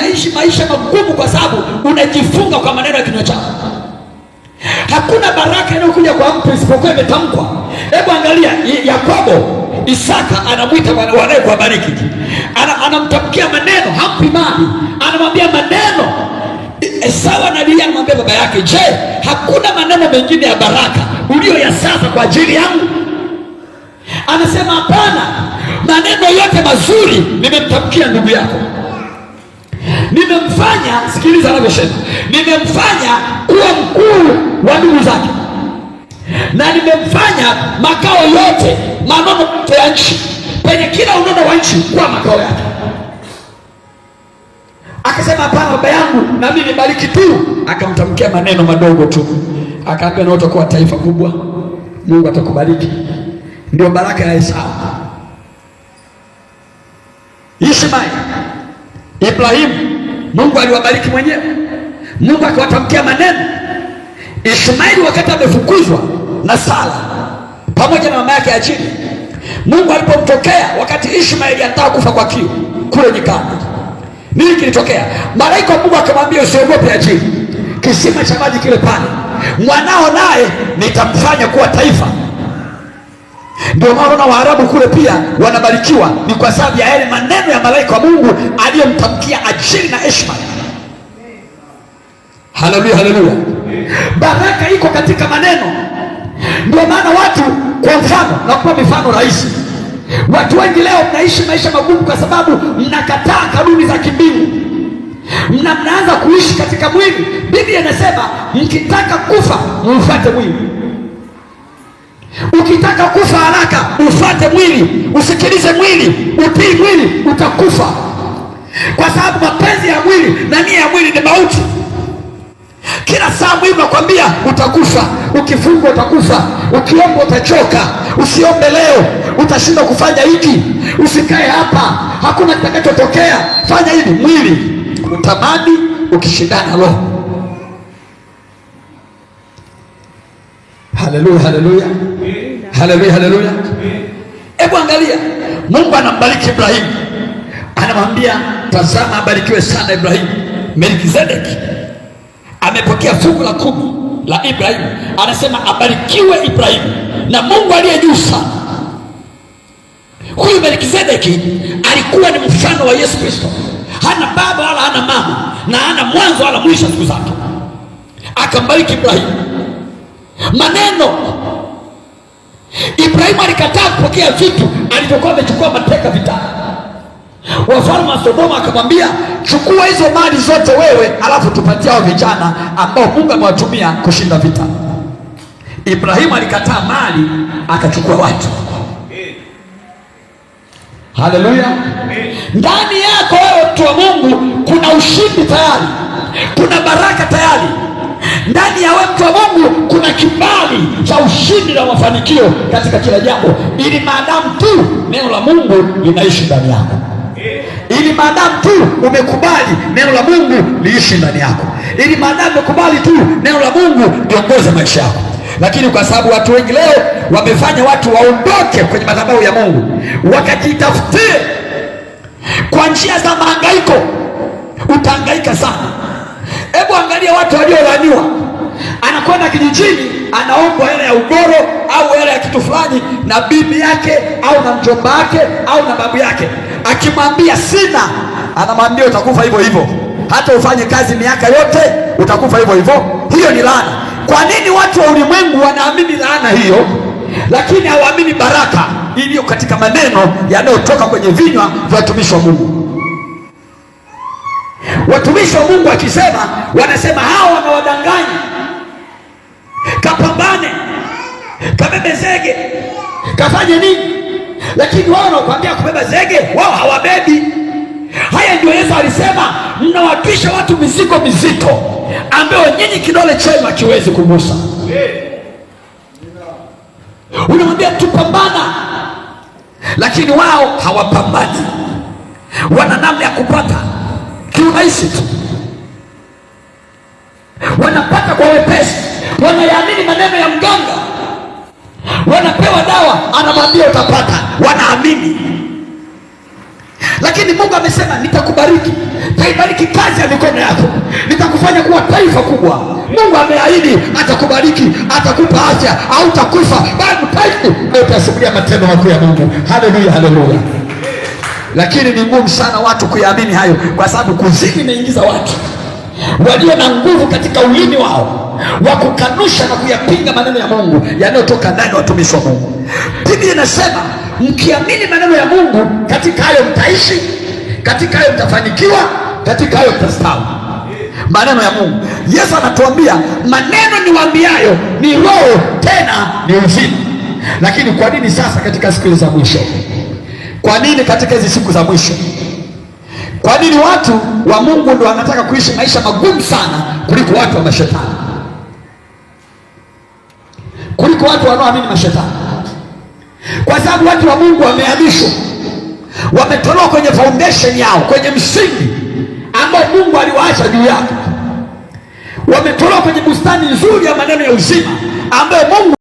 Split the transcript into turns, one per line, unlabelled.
unaishi maisha magumu kwa sababu unajifunga kwa maneno ya kinywa chako. Hakuna baraka inayokuja kwa mtu isipokuwa imetamkwa. Hebu angalia Yakobo, Isaka anamwita kwa bariki, anamtamkia maneno, hampi mali, anamwambia maneno sawa na anamwambia baba yake. Je, hakuna maneno mengine ya baraka uliyoyasaza kwa ajili yangu? Anasema hapana, maneno yote mazuri nimemtamkia ndugu yako nimemfanya, sikiliza anavyosema, nimemfanya kuwa mkuu wa ndugu zake na nimemfanya makao yote manono yote ya nchi penye kila unono wa nchi kuwa makao yake. Akasema, hapana baba yangu, na mimi nibariki tu. Akamtamkia maneno madogo tu, akaambia na utakuwa taifa kubwa, Mungu atakubariki. Ndio baraka ya Esau, Ishmaeli, Ibrahimu Mungu aliwabariki mwenyewe, Mungu akawatamkia maneno. Ishmaeli wakati amefukuzwa na Sara pamoja na mama yake Ajili, Mungu alipomtokea wakati Ishmaeli anataka kufa kwa kiu kule nyikani, nini kilitokea? Malaika wa Mungu akamwambia, usiogope Ajili, kisima cha maji kile pale, mwanao naye nitamfanya kuwa taifa ndio maana na Waarabu kule pia wanabarikiwa, ni kwa sababu ya yale maneno ya malaika wa Mungu aliyemtamkia Ajili na heshima. Haleluya, haleluya! Baraka iko katika maneno. Ndio maana watu, kwa mfano, nakupa mifano rahisi. Watu wengi leo mnaishi maisha magumu kwa sababu mnakataa kanuni za kimbingu na mnaanza kuishi katika mwili. Biblia inasema mkitaka kufa mfuate mwili Ukitaka kufa haraka, ufate mwili, usikilize mwili, utii mwili, utakufa, kwa sababu mapenzi ya mwili na nia ya mwili ni mauti. Kila saa mwili unakwambia utakufa. Ukifungwa utakufa, ukiomba utachoka, usiombe leo, utashinda kufanya hiki, usikae hapa, hakuna kitakachotokea, fanya hivi. Mwili utamani ukishindana roho. Haleluya, haleluya. Haleluya, haleluya. Hebu angalia, Mungu anambariki Ibrahimu, anamwambia tazama, abarikiwe sana Ibrahimu. Melkizedeki amepokea fungu la kumi la Ibrahimu, anasema abarikiwe Ibrahimu na Mungu aliye juu sana. Huyu Melkizedeki alikuwa ni mfano wa Yesu Kristo, hana baba wala hana mama na hana mwanzo wala mwisho siku zake, akambariki Ibrahimu maneno anapokea vitu alivyokuwa amechukua mateka vitani. Wafalme wa Sodoma akamwambia, chukua hizo mali zote wewe, alafu tupatie hao vijana ambao Mungu amewatumia kushinda vita. Ibrahimu alikataa mali, akachukua watu. Haleluya! Ndani yako wewe mtu wa Mungu ushindi na mafanikio katika kila jambo, ili maadamu tu neno la Mungu linaishi ndani yako, ili maadamu tu umekubali neno la Mungu liishi ndani yako, ili maadamu umekubali tu neno la Mungu liongoze maisha yako lakini kwa sababu watu wengi leo wamefanya watu waondoke kwenye madhabahu ya Mungu wakajitafutie kwa njia za mahangaiko, utahangaika sana. Hebu angalia watu waliolaaniwa kijijini anaombwa hela ya ugoro au hela ya kitu fulani na bibi yake au na mjomba wake au na babu yake, akimwambia sina, anamwambia utakufa hivyo hivyo, hata ufanye kazi miaka yote utakufa hivyo hivyo. Hiyo ni laana. Kwa nini watu wa ulimwengu wanaamini laana hiyo, lakini hawaamini baraka iliyo katika maneno yanayotoka kwenye vinywa vya watumishi wa Mungu? Watumishi wa Mungu akisema, wanasema hawa wanawadanganya kabebe zege kafanye nini? Lakini wao wanakuambia kubeba zege, wao hawabebi. Haya ndio Yesu alisema, mnawatwisha watu mizigo mizito ambayo nyinyi kidole chenu hakiwezi kugusa. Unamwambia mtu pambana, lakini wao hawapambani, wana namna ya kupata kiurahisi tu, wanapata kwa wepesi, wanayaamini maneno ya mganga wanapewa dawa, anamwambia utapata, wanaamini. Lakini Mungu amesema nitakubariki, taibariki kazi ya mikono yako, nitakufanya kuwa taifa kubwa. Mungu ameahidi atakubariki, atakupa afya, hautakufa bali utasimulia matendo makuu ya Mungu. Haleluya, haleluya. Lakini ni ngumu sana watu kuyaamini hayo, kwa sababu kuzini inaingiza watu walio na nguvu katika ulimi wao wa kukanusha na kuyapinga maneno ya Mungu yanayotoka ndani ya watumishi wa Mungu. Biblia inasema mkiamini maneno ya Mungu, katika hayo mtaishi, katika hayo mtafanikiwa, katika hayo mtastawi. Maneno ya Mungu, Yesu anatuambia maneno niwaambiayo ni roho, tena ni uzima. Lakini kwa nini sasa katika siku za mwisho? Kwa nini katika hizi siku za mwisho? Kwa nini watu wa Mungu ndio wanataka kuishi maisha magumu sana kuliko watu wa mashetani? kuliko watu wanaoamini mashetani, kwa sababu watu wa Mungu wamehamishwa, wametolewa kwenye foundation yao, kwenye msingi ambao Mungu aliwaacha juu yake, wametolewa kwenye bustani nzuri ya maneno ya uzima ambayo Mungu